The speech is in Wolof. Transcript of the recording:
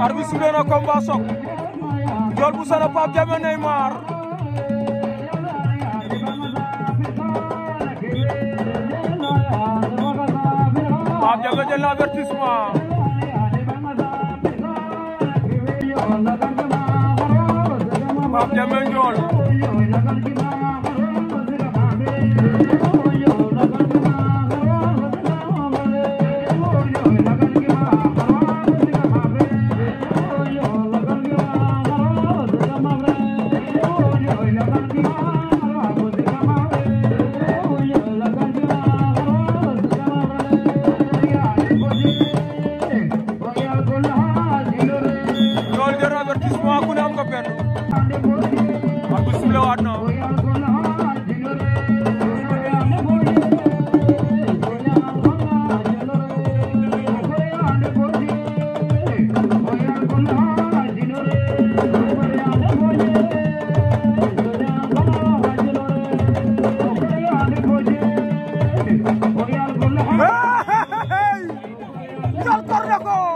arbi sifflé na combat Sokh Ndiol bu Sana Pape Diame Neymar Pape Diame jël na avertissement Pape Diame कुल खपे कुझु लोट jël kor na ko